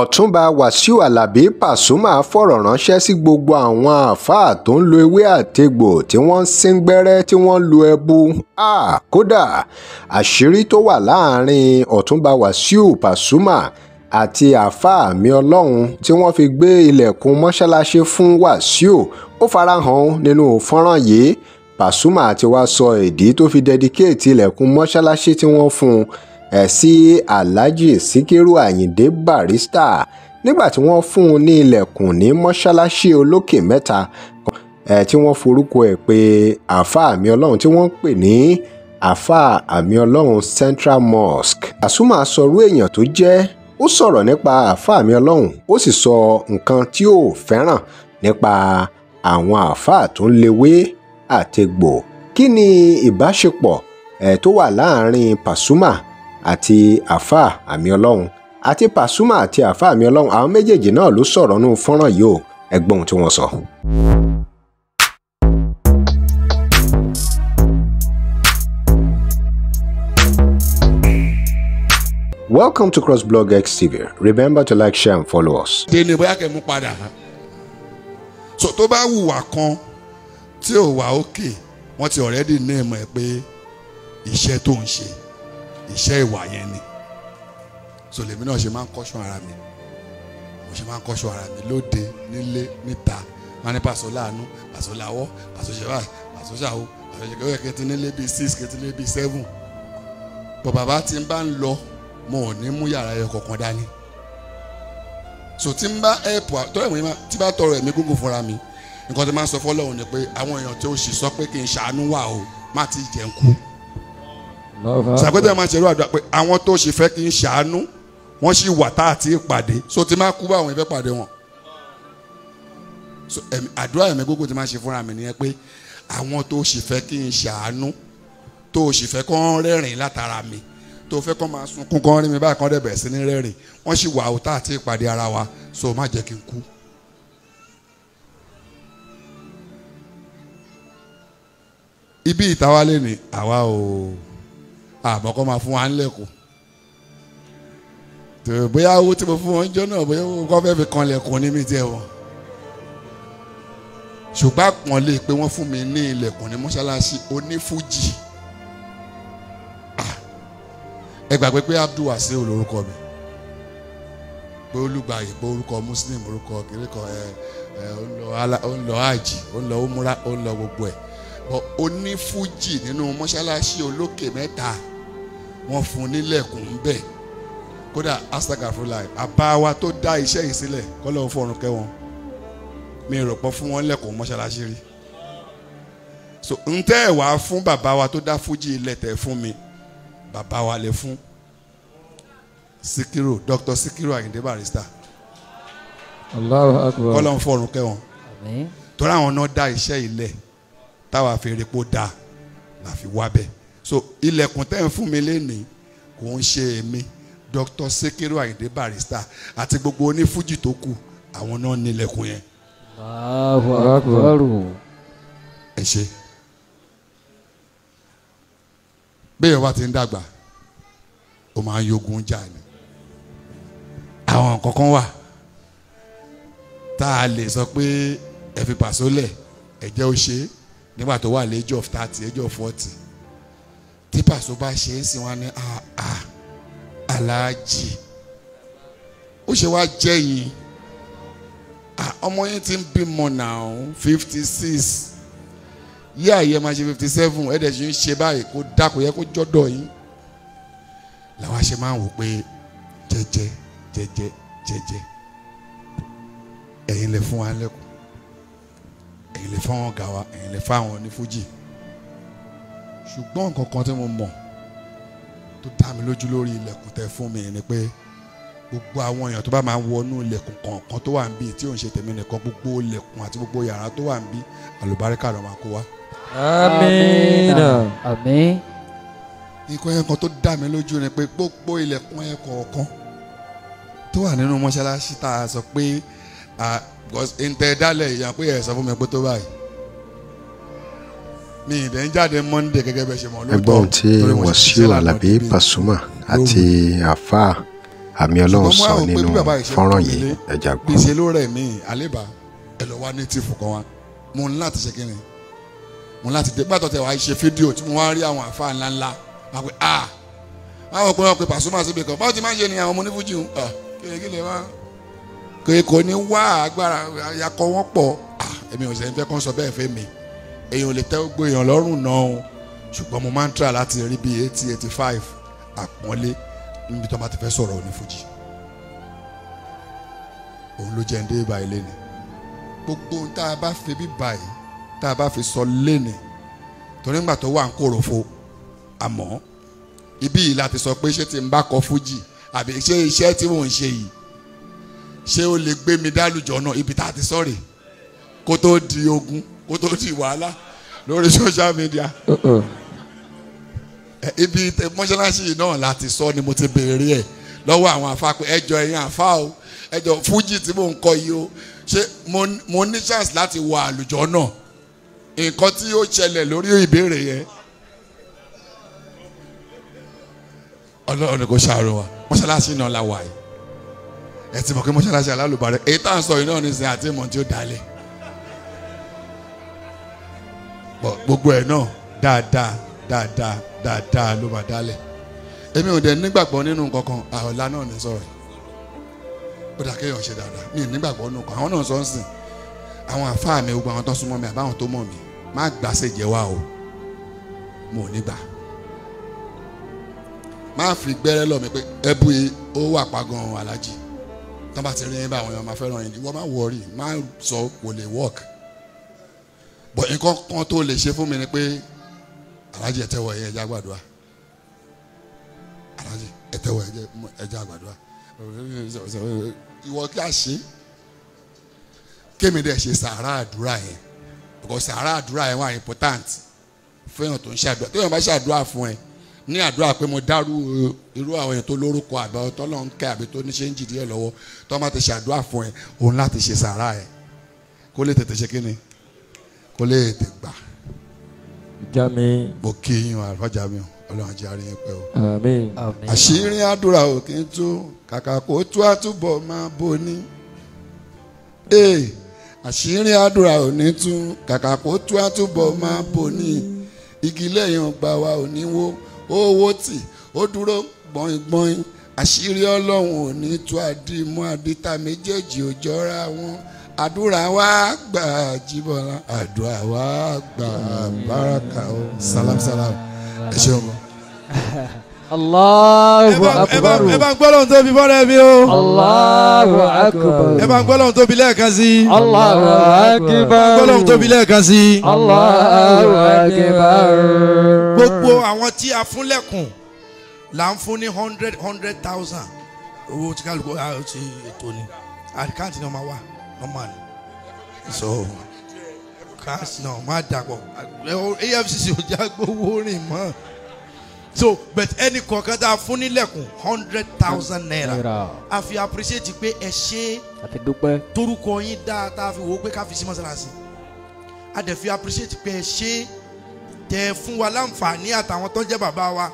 ọ̀túnba wàsíù alábí pàṣùmà fọ̀rọ̀ ránṣẹ́ sí gbogbo àwọn àáfàá tó ń lo ewé àtegbò tí wọ́n ń sín gbẹ́rẹ́ tí wọ́n lo ẹbu a kódà àṣírí tó wà láàrin ọ̀túnba wàsíù pàṣùmà àti àáfàá mi ọlọ́run tí wọ́n fi gbé ilẹ̀kùn mọ́ṣáláṣí fún wàsíù ó farahàn nínú fọ́nrán yìí pàṣùmà ti wá sọ ìdí tó fi dẹdíkéètì ilẹ̀kùn mọ́ṣáláṣí tí wọ́n fún un ẹ̀ sí alhaji sikiru ayinde barista nígbà tí wọ́n fún un ní ilẹ̀kùn ní mọ́ṣáláṣí olókè mẹ́ta ẹ̀ tí wọ́n forúkọ ẹ̀ pé àáfàá àmì ọlọ́run tí wọ́n pè ní àáfàá àmì ọlọ́run central mosque. àsùnmọ̀ àsọrú èèyàn tó jẹ́ ó sọ̀rọ̀ nípa àáfàá àmì ọlọ́run ó sì sọ nǹkan tí ó fẹ́ràn nípa àwọn àáfàá tó ń lewé àtegbò kí ni ìbáṣepọ̀ ẹ̀ tó wà láàárín Pasuma àti àfáà àmì ọlọ́run àti Pasuma àti àfáà àmì ọlọ́run àwọn méjèèjì náà ló sọ̀rọ̀ nínú fọ́nrán yìí o ẹ tí wọ́n sọ. Welcome to CrossBlog XTV. Remember to like, share and follow us. Dèlè bóyá kẹ́ mú padà. So tó bá hùwà kan tí ò wà òkè, wọ́n ti already name ẹ̀ pé iṣẹ́ tó ń ṣe iṣẹ́ ìwà yẹn ni so lèmi náà ṣe máa ń kọ́ṣọ́ ara mi mo ṣe máa ń kọ́ṣọ́ ara mi lóde nílé níta wọn ní pàṣọ láàánú pàṣọ làwọ pàṣọ ṣẹwà pàṣọ ṣàwọ pàṣọ ṣẹkẹ wẹ kẹtí nílé bíi six kẹtí nílé bíi seven bọ̀ bàbá tí ń bá ń lọ mo ò ní mú yàrá ẹyọ kankan dání so tí ń bá ẹ̀pù tọ́lẹ̀ mi tí bá tọrọ ẹ̀mí gúngùn fúnra mi nǹkan tí máa ń sọ fọ́lọ́hún ni pé àwọn èèyàn tí ó sì sọ pé kí n ṣàpètè máa ṣerú àdúrà pé àwọn tó ṣe fẹ́ kí n ṣàánú wọ́n sì wà tá àti ìpàdé so ti máa kú bá àwọn ìfẹ́ pàdé wọn. àdúrà ẹ̀mí gbogbo ti máa ṣe fúnra mi nìyẹn pé àwọn tó ṣe fẹ́ kí n ṣàánú tó ṣe fẹ́ kọ́ rẹ́rìn látara mi tó fẹ́ kọ́ máa sunkún kọ́ rí mi báyìí kọ́ dẹ̀ sí ní rẹ́rìn wọ́n sì wà tá àti ìpàdé ara wa so má jẹ́ kí n kú. ibi ìtawálé ni àwa o. Oh àmọ́ kọ́ máa fún wa ńlẹ̀kùn tó bóyá owó tí mo fún wọn jọ náà bóyá owó kọ́ fẹ́ fi kan lẹ̀kùn ní mi tiẹ̀ wọ̀ ṣùgbọ́n àpọ̀nlé pé wọ́n fún mi ní ilẹ̀kùn ní mọ́ṣáláṣí onífújì ah, ẹ gbàgbé pé Abdul Wasi olórúkọ mi pé olùgbàyè pé orúkọ Muslim orúkọ kìrìkọ ẹ ẹ ó ń lọ àjì ó ń lọ ó múra ó ń lọ gbogbo ẹ onífújì nínú mọ́ṣáláṣí olókè mẹ́ta wọ́n fún nílẹ̀kùn ń bẹ̀ kódà astagafro lai bàbá wa tó dá iṣẹ́ yìí sílẹ̀ kọ́lọ́ fọ̀run kẹ́ wọn mi rò pọ̀ fún wọn lẹ́kùn mọ́ṣáláṣí rí so n tẹ́ ẹ̀ wá fún bàbá wa tó dá fújì ilẹ̀ tẹ̀ fún mi bàbá wa lè fún Sikiru Dr. Sikiru Ayinde barista Allahu Akbar kọ́lọ́ fọ̀run kẹ́ wọn torí àwọn náà dá iṣẹ́ ilẹ̀ táwa fèrè pò dáa la fi wá bẹ́ẹ̀ so ilẹ̀kùn tẹ́ ń fún mi lénìí kò ń ṣe èmi Dr. Sekiru Ayinde barista. àti gbogbo onífújì tó kù àwọn náà nílẹ̀kùn yẹn. ẹ ṣe bẹ́ẹ̀ wá ti ń dàgbà ó máa ń yogun jà ní àwọn kankan wà tá a lè sọ pé ẹ fi pàṣẹ lẹ̀ ẹ jẹ́ ó ṣe nígbà tó wà lẹ́jọ́ thirty ẹjọ́ forty tí pàṣọ bá ṣe é sí wọn ní ah, ah, aláàjì ó ṣe wá jẹ́yìn ah, ọmọ yẹn ti ń bímọ náà fifty six yí àyè máa ṣe fifty seven ẹ̀ẹ́dẹ̀ ṣe ń ṣe báyìí kó dákò yẹ kó jọ́dọ̀ yín làwọn aṣẹ máa ń wò pé jẹ́jẹ́ jẹ́jẹ́ jẹ́jẹ́ ẹ̀yin lè fún wa lẹ́kọ̀ọ́ ẹ̀yin lè fún àwọn gàwa ẹ̀yin lè fún àwọn onífújì ṣùgbọ́n nǹkan kan tí mo mọ̀ tó dá mi lójú lórí ilẹ̀kùn tẹ fún mi ni pé gbogbo àwọn èèyàn tó bá máa wọnú ilẹ̀kùn kọ̀ọ̀kan tó wà ń bí tí ò ń ṣe tèmi nìkan gbogbo ilẹ̀kùn àti gbogbo yàrá tó wà ń bí àlùbáríkà ló máa kó wá. àmín àmín. nǹkan yẹn kan tó dá mi lójú ni pé gbogbo ilẹ̀kùn yẹn kọ̀ọ̀kan tó wà nínú mọ́ṣáláṣí tá a sọ pé ǹtẹ̀ ah, dálẹ̀ ìyá pé ẹ̀ sọ fún mi pé tó báyìí mi ìdẹ̀ ń jáde Monday gẹ́gẹ́ bẹ́ẹ̀ ṣe mọ̀ lóòótọ́ ẹgbọ́n tí Wàsíù Àlàbí Pasuma àti àfa àmì ọlọ́run sọ nínú fọ́nrán yìí ẹ̀jà gbọ́. gbèsè ló rẹ̀ mí àlébà ẹ lọ wá ní tìfù kan wá mo ń láti ṣe kí ni mo ń láti dé gbàtọ̀ tẹ̀ wá ṣe fídíò tí mo wá rí àwọn àfa ńláńlá wá pé a báwo pé wọ́n pe Pasuma síbi kan báwo ti máa ń ṣe ni àwọn ọmọ onífújì ń ní wá agbára yakọ̀ wọ́n pọ̀ èmi ò sẹ́yìn fẹ́ kọ́ sọ bẹ́ẹ̀ fẹ́ mi èèyàn lè tẹ́ gbogbo èèyàn lọ́rùn náà o ṣùgbọ́n mo máa ń try láti rí bíi eighty eighty five àpọ́nlé níbi tó bá ti fẹ́ sọ̀rọ̀ òní fújì òun ló jẹ́ ń dé báyìí lẹ́nu gbogbo ohun tá a bá fi bí báyìí tá a bá fi sọ lẹ́nu torí ńgbà tó wà ń kòròfo àmọ́ ibí yìí láti sọ pé ṣé ti ń bá kọ fújì àbí ṣé iṣẹ́ tí mò ń ṣe yìí ṣé o lè gbé mi dálùjọ náà ibi tá a ti sọ̀rẹ̀ kó tó di ogún kó tó di wàhálà lórí social media ibi mọ́ṣáláṣí náà láti sọ ni mo ti béèrè ẹ̀ lọ́wọ́ àwọn afáàpẹ́ ẹjọ́ ẹ̀yin àfa o ẹjọ́ fújì tí mò ń kọ yìí o ṣé mo ní chance láti wọ àlùjọ náà nǹkan tí ó ṣẹlẹ̀ lórí ìbéèrè yẹn ọlọ́run kò ṣàárò wa mọ́ṣáláṣí náà la wà yìí ẹ ti mọ̀ pé mọ́ṣáláṣí alálùbárẹ̀ èyí tá à ń sọ yìí náà ní sẹ́yìn àti ìmọ̀ tí ó dalẹ̀ pọ̀ gbogbo ẹ̀ náà dáadáa dáadáa dáadáa ló máa dálẹ̀ èmi ò dẹ̀ nígbàgbọ́ nínú kankan àọ̀lá náà ní sọ̀rọ̀ ó dà kéèyàn ṣe dáadáa mi nígbàgbọ́ nínú kan àwọn náà sọ ń sìn àwọn àfáà mi gbogbo àwọn tó súnmọ́ mi àbáwọn tó mọ̀ mi má gbàṣẹ jẹ́ wá o mo ò ní gbà má fi gbẹ́rẹ́ lọ mi pé ẹbú yìí ó wà pa gan-an alájì tán bá ti rí yín bá àwọn èèyàn máa fẹ́ràn yín wọ́n má wọrí má sọ kò lè wọ́ọ̀kì bọ̀ nǹkan kan tó lè ṣe fún mi ni pé alájì ẹ tẹ́wọ́ ẹ já gbàdúrà alájì ẹ tẹ́wọ́ ẹ já gbàdúrà ìwọ kí a ṣe kémi dẹ̀ ṣe sàárà àdúrà yẹn because sàárà àdúrà yẹn wà important fẹ́yàn tó ń ṣàdúrà tó yàn bá ṣàdúrà fún ẹ ní àdúrà pé mo dárú uh, irú àwọn èèyàn tó lórúkọ àgbà ọtọ́ lọ́n kẹ́ àbí tó ní ṣe ń jìdí ẹ̀ lọ́wọ́ tó má ti ṣàdúrà fún ẹ òun láti ṣe sàárà ẹ kó lè tètè ṣe kí ni kó lè tè gbà. ìjà mi. mo kí yín àlọ́jà mi ọlọ́run ajé arí yín pẹ́ o. àmín. àṣírí àdúrà òkè tó kàkà kó tó àtúbọ̀ máa boni. ee àṣírí àdúrà òní tún kàkà kó tó àtúbọ̀ máa boni. igi lẹ́yìn ọgbà wa òní wo owó tì ó dúró gbọ̀ngbọ̀n àṣírí ọlọ́run òní tó àdìmú àdìta méjèèjì ò wọn àdúrà wa gbà Jíbọ́lá àdúrà wa gbà mm. baraka. o salam salam ẹ ṣeun mọ. Allahu akbar. Ẹ bá ń gbọ́dọ̀ tó fi bọ́dọ̀ mi o. Allahu akbar. Ẹ bá ń gbọ́dọ̀ tó fi lẹ́ẹ̀kan sí. Allahu akbar. Gbọ́dọ̀ tó fi lẹ́ẹ̀kan sí. Allahu akbar. Gbogbo àwọn tí a fún lẹ́kùn là ń fún ní hundred hundred thousand owó tí kálukú ti ètò ni àkáǹtì náà máa wà normal so cash náà má dàpọ̀ efcc ò já gbowó rìn mọ́ so but ẹnì kọ̀ọ̀kan tá a fún nílẹ̀kùn hundred thousand naira a fi appreciate pé ẹ ṣe torúkọ yín dáa tá a fi wò ó pé ká fi sí mọ́sálásí a dẹ̀ fi appreciate pé ẹ ṣe tẹ fún wa láǹfààní àtàwọn tó jẹ́ bàbá wa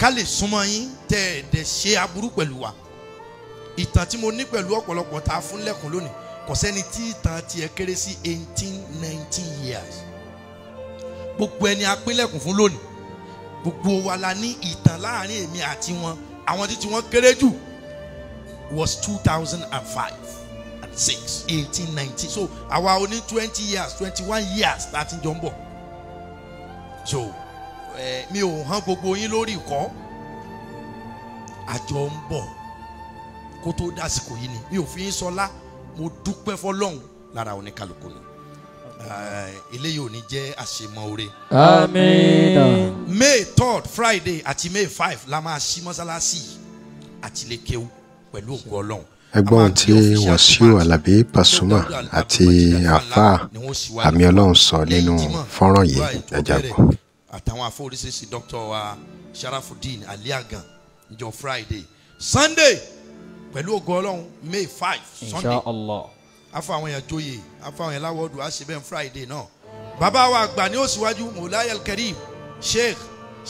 ká lè súnmọ́ yín tẹ ẹ̀ dẹ̀ ṣe aburú pẹ̀lú wa ìtàn tí mo ní pẹ̀lú ọ̀pọ̀lọpọ̀ tá a fún lẹ́kùn lónìí kò sẹ́ni tí ìtàn tiẹ̀ kéré sí eighteen nineteen years gbogbo ẹni apínlẹ̀kùn fún lónìí gbogbo wa la ní ìtàn láàrin èmi àti wọn àwọn títí wọn kéré jù was two thousand and five and six eighteen nineteen so àwa oní twenty years twenty one years tá a jọ ń bọ̀ so mi ò hàn gbogbo yín lórí ìkọ́ àjọ ń bọ̀ kó tó dásìkò yìí ni mi ò fi ń sọlá. So mo dúpẹ́ fọlọ́hún lára oníkàlùkù ni eh, eléyìí ò ní jẹ́ àṣemọ oore. àmín. may third friday àti may five la máa ṣí mọ́sálásí àti lè kéwú pẹ̀lú òkú ọlọ́run. ẹgbọ́n tí wàsíù alábí pasuma àti afa àmì ọlọ́run sọ nínú fọ́nrán yìí ẹja gbọ́. àtàwọn afọ oríṣiríṣi dókítà wa sharafudeen aliagan níjọ́ friday sunday pẹ̀lú ògo ọlọ́run may five sunday afọ àwọn èèyàn joyè afọ àwọn èèyàn láwọ́dù àṣebẹ̀ friday náà bàbá wa àgbà ní òṣìwájú mọ̀láyà kẹrìm sheikh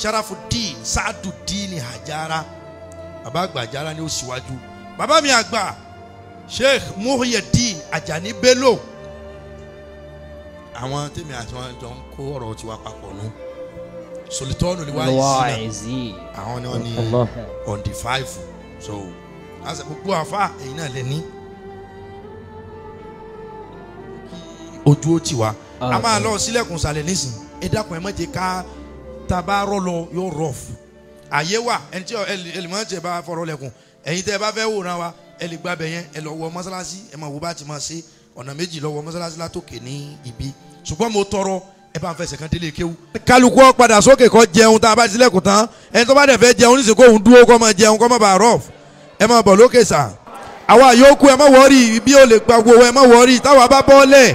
sharafudin sadudin hajara bàbá àgbà hajara ní òṣìwájú bàbá mi àgbà sheikh muhyedin ajani bello àwọn tèmi àti wọn jọ ń kó ọ̀rọ̀ tiwa papọ̀ nù. No? ni waa yi sina àwọn ni wọn ni on five so àṣẹ gbogbo àfa ẹ̀yin náà lè ní. ojú ó tì wá a ah, máa ah. lọ sílẹ̀kùn sàlẹ̀ nísìnyí ẹ dákun ẹ má jẹ́ ká taba rọ yóò rọ àyè wà ẹni tí ẹlẹmọ tẹ bá fọ̀rọ̀ lẹ̀kùn ẹ̀yin tẹ bá fẹ́ wòran wa ẹ lè gbàbẹ yẹn ẹ lọ wọ mọ́sálásí ẹ máa wo bá ti máa ṣe ọ̀nà méjì lọ wọ mọ́sálásí látòkè ní ibi ṣùgbọ́n mo tọrọ ẹ bá ń fẹsẹ̀ kan délé kéwu. kálukú ọ padà sókè kó jẹun tá a bá tilẹ̀kùn tán ẹni tó bá dẹ̀ fẹ́ jẹun níṣẹ́ kó òun dúró kó máa jẹun kó máa bàa rọ̀fù ẹ máa bọ̀ lókè sà àwa yòókù ẹ má wọ́ọ̀rì bí ó lè gba gbowó ẹ má wọ́ọ̀rì táwa bá bọ́ọ̀lẹ̀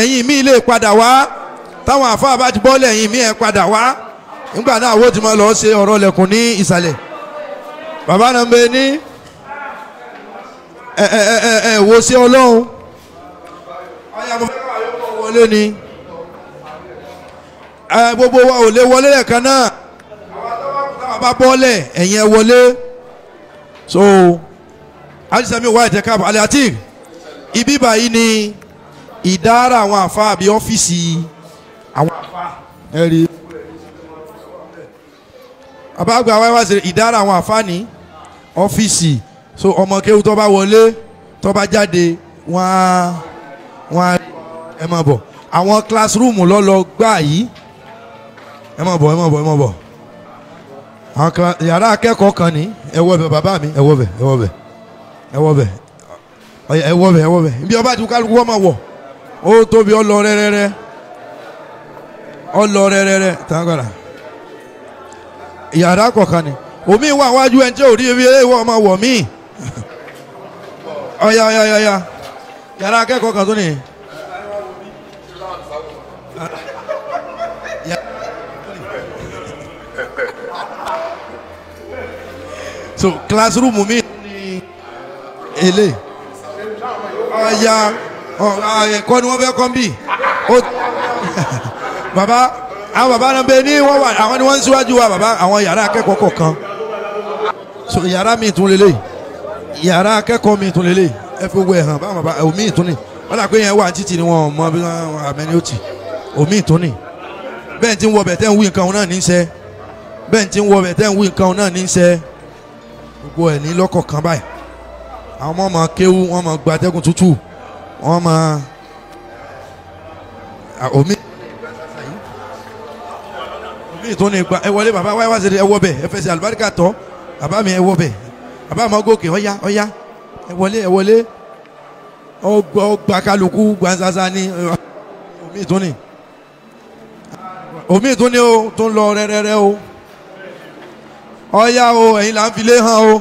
ẹ̀yìn mi lè padà wá táwọn àfáà bá ti bọ́ọ̀lẹ̀ ẹ̀yìn mi ẹ̀ padà wá nígbà náà àwọn ò ti máa lọ ṣe ọ̀rọ̀ lẹ̀kùn ní ìsàlẹ̀ bàbá náà ń bẹ ní ẹ ẹ ẹ wo sí ọlọ́run gbogbo wa ò lè wọlé lẹ́ẹ̀kan náà àwọn àtàwọn bá bọ́ọ̀lẹ̀ ẹ̀yìn ẹ wọlé so ajisami wa ìtẹ̀ka aliatir ibi báyìí ni ìdára àwọn àfa àbí ọ́fíìsì àwọn àfa ẹ̀rí àbágbà wa wá sí ìdára àwọn àfa ní ọ́fíìsì so ọmọ kéwù tó bá wọlé tó bá jáde wọ́n á wọ́n á ẹ máa bọ̀ àwọn classroom lọ́lọ́ gbà yìí ẹ máa bọ̀ ẹ máa bọ̀ ẹ máa bọ̀ àwọn kan yàrá akẹ́kọ̀ọ́ kan ní ẹ̀wọ́ bẹ̀ bàbá mi ẹ̀wọ́ bẹ̀ ẹ̀wọ́ bẹ̀ ẹ̀wọ́ bẹ̀ ẹ̀wọ́ bẹ̀ ẹ̀wọ́ bẹ̀ ibi ọba ti kálukú wọ́n máa wọ̀ ó tóbi ọlọ rẹ́rẹ́rẹ́ ọlọ rẹ́rẹ́rẹ́ tàǹkàrà yàrá kọ̀ọ̀kan ní omi wà wájú ẹ̀ ń tẹ́ òrí ewé ìwọ ọmọ wọ̀ míì ọ̀yà ọ̀yà ọ̀yà yàrá akẹ́kọ̀ọ́ kan tó nìyẹn. so classroom mi ni ele Aya, ẹ̀kọ́ ni wọ́n fẹ́ kọ́ bí baba àwọn baba náà bẹ ní wọ́n wà àwọn ni wọ́n ń síwájú wa baba àwọn yàrá akẹ́kọ̀ọ́ kọ̀ọ̀kan so yàrá mi tún lélẹ̀ yàrá akẹ́kọ̀ọ́ mi tún lélẹ̀ ẹ fi wẹ̀ hàn báwọn baba omi tún ni wọ́n dà pé yẹn wà títì ni wọ́n mọ bí wọ́n àmẹ́ni ó tì omi tún ni bẹ́ẹ̀ ti ń wọ bẹ̀tẹ̀ ń wí nǹkan náà ní í sẹ́ bẹ́ẹ̀ ti ń wọ bẹ̀tẹ̀ ń wí nǹkan náà ní í sẹ́ gbogbo ẹ̀ ní lọ́kọ̀ọ̀kan báyìí àwọn ọmọ máa kéwú wọ́n máa gba atẹ́gùn tútù wọ́n máa omi omi tó ní gba ẹ wọlé bàbá wáyé wá sí ẹ wọ bẹ ẹ fẹsẹ̀ àlùbáríkà tọ́ bàbá mi ẹ wọ bẹ bàbá mi ọgọkè ọyá ọyá ẹ wọlé ẹ wọlé ọgbà kálukú gbanzanza ní omi tó ní omi tó ní o tó ń lọ rẹ́rẹ́rẹ́ o ọ̀ya o ẹ̀yin là ń fi lé hàn o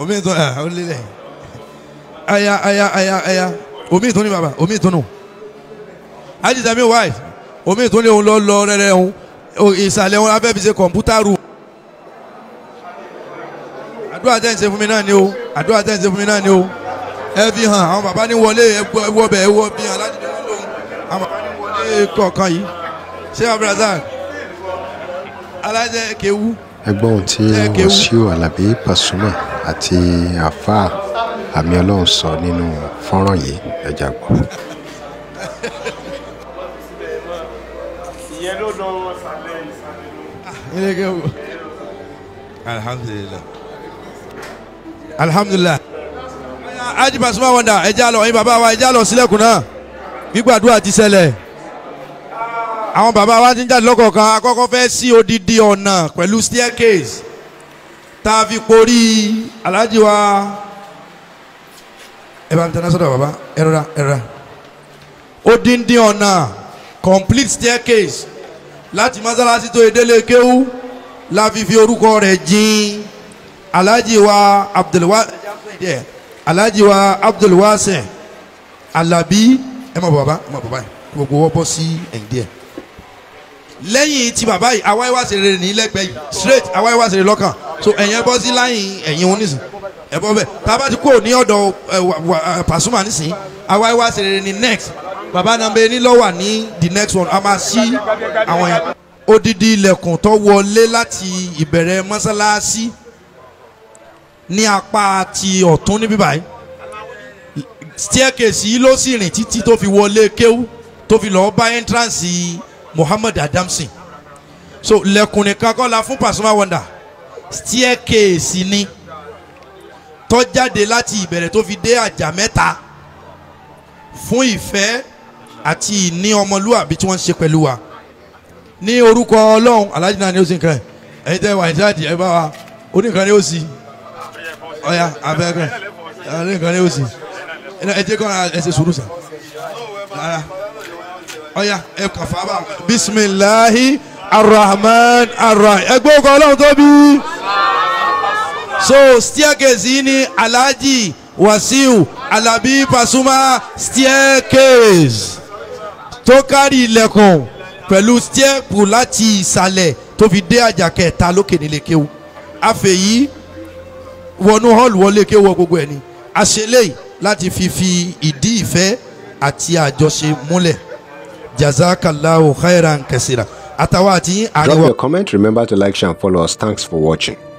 omi ìtún ẹ̀ ah, ó lélẹ̀ ẹ̀yà ẹ̀yà ẹ̀yà ẹ̀yà omi ìtún ni bàbá omi ìtún nù ajísàmí white omi ìtún ni òun lọ lọ rẹ̀rẹ̀ òun ìsàlẹ̀ wọn abẹ́ fi ṣe kọ̀ǹpútà rù àdúrà tẹ́ ń ṣe fún mi náà ni o àdúrà tẹ́ ń ṣe fún mi náà ni o ẹ fi hàn àwọn bàbá ní wọlé ẹ wọ bẹ̀ ẹ wọ bí hàn láti dúró lóhùn àwọn bàbá ní wọlé kọ̀ọ̀kan yìí ṣé abdulrasaq alájẹ kéwu ẹgbọ́n ohun tí wàsíù alábí pasuma àti àáfàá àmì ọlọ́run sọ nínú fọ́nrán yìí ẹ jà gbọ́. Ah, alhamdulilah alhamdulilah ají pasuma wọ̀ndà lọ ẹ̀yin bàbá wa ẹ lọ sílẹ̀kùn náà gbígbàdúrà ti ṣẹlẹ̀ àwọn bàbá wa ti ń jáde lọ́kọ̀ọ̀kan akọ́kọ́ fẹ́ sí odidi ọ̀nà pẹ̀lú staircase tá a fi porí aláàjì wa ẹ bá ń tẹná sọ́dọ̀ bàbá ẹ rọra ẹ rọra odidi ọ̀nà complete staircase láti mọ́sálásí tó edele kéwú la fi fi orúkọ rẹ̀ jìn aláàjì wa abdulwa aláàjì wa abdulwasẹ alábí ẹ má bọ̀ bàbá ẹ má bọ̀ bàbá gbogbo wọ́n sí ẹ̀yìn díẹ̀ lẹ́yìn ti bàbá yìí àwa ìwà sèrè ní lẹ́gbẹ̀ẹ́ yìí straight àwa ìwà sèrè lọ́kàn so ẹ̀yin ẹ bọ́ sí láyìn ẹ̀yin òun nísìn ẹ bọ́ bẹ́ẹ̀ tábà ti kú ní ọ̀dọ̀ Pasuma nísìn àwa ìwà sèrè ní next bàbá nàmbẹ ní ní the next one a máa ṣí àwọn yẹn odidi ilẹ̀kùn tó wọlé láti ìbẹ̀rẹ̀ mọ́sálásí ní apá ti ọ̀tún níbí báyìí staircase yìí ló sì rìn títí tó fi wọlé kéwú tó fi lọ́ọ́ bá entrance yìí Muhammad Adamson so lẹ́kùn nìkan kọ́ la fún Pasuma wanda staircase ni tó jáde láti ìbẹ̀rẹ̀ tó fi dé àjà mẹ́ta fún ìfẹ́ àti ìní ọmọlúwàbí tí wọ́n ń ṣe pẹ̀lú wa ní orúkọ ọlọ́run aláàjì náà ni ó sì ń kẹrẹ ẹ̀yin tẹ́ wà ìjáde ẹ bá wa oníkan ni ó sì ọ̀ya abẹ́rẹ́ oníkan ni ó sì ẹ jẹ́ kọ́ra ẹ ṣe sùúrù sàn rárá ọ̀yà ẹ kà fà bá. bisimilahi arahman arahim ẹgbẹ́ ọkọ̀ ọlọ́run tóbi. so staircase yìí ni alhaji wasiu alabi pasuma staircase tó kárí ilẹ̀kùn pẹ̀lú stẹ́ẹ̀pù láti ìsàlẹ̀ tó fi dé àjà kẹta lókè nílé kéwu àfẹ̀yí wọnú hall wọlé kéwu gbogbo ẹ̀ ni àṣẹlẹ̀ láti fi fi ìdí ìfẹ́ àti àjọṣe múlẹ̀ jazakallahu khairan kasira àtàwọn àti drop your comment remember to like share and follow us thanks for watching.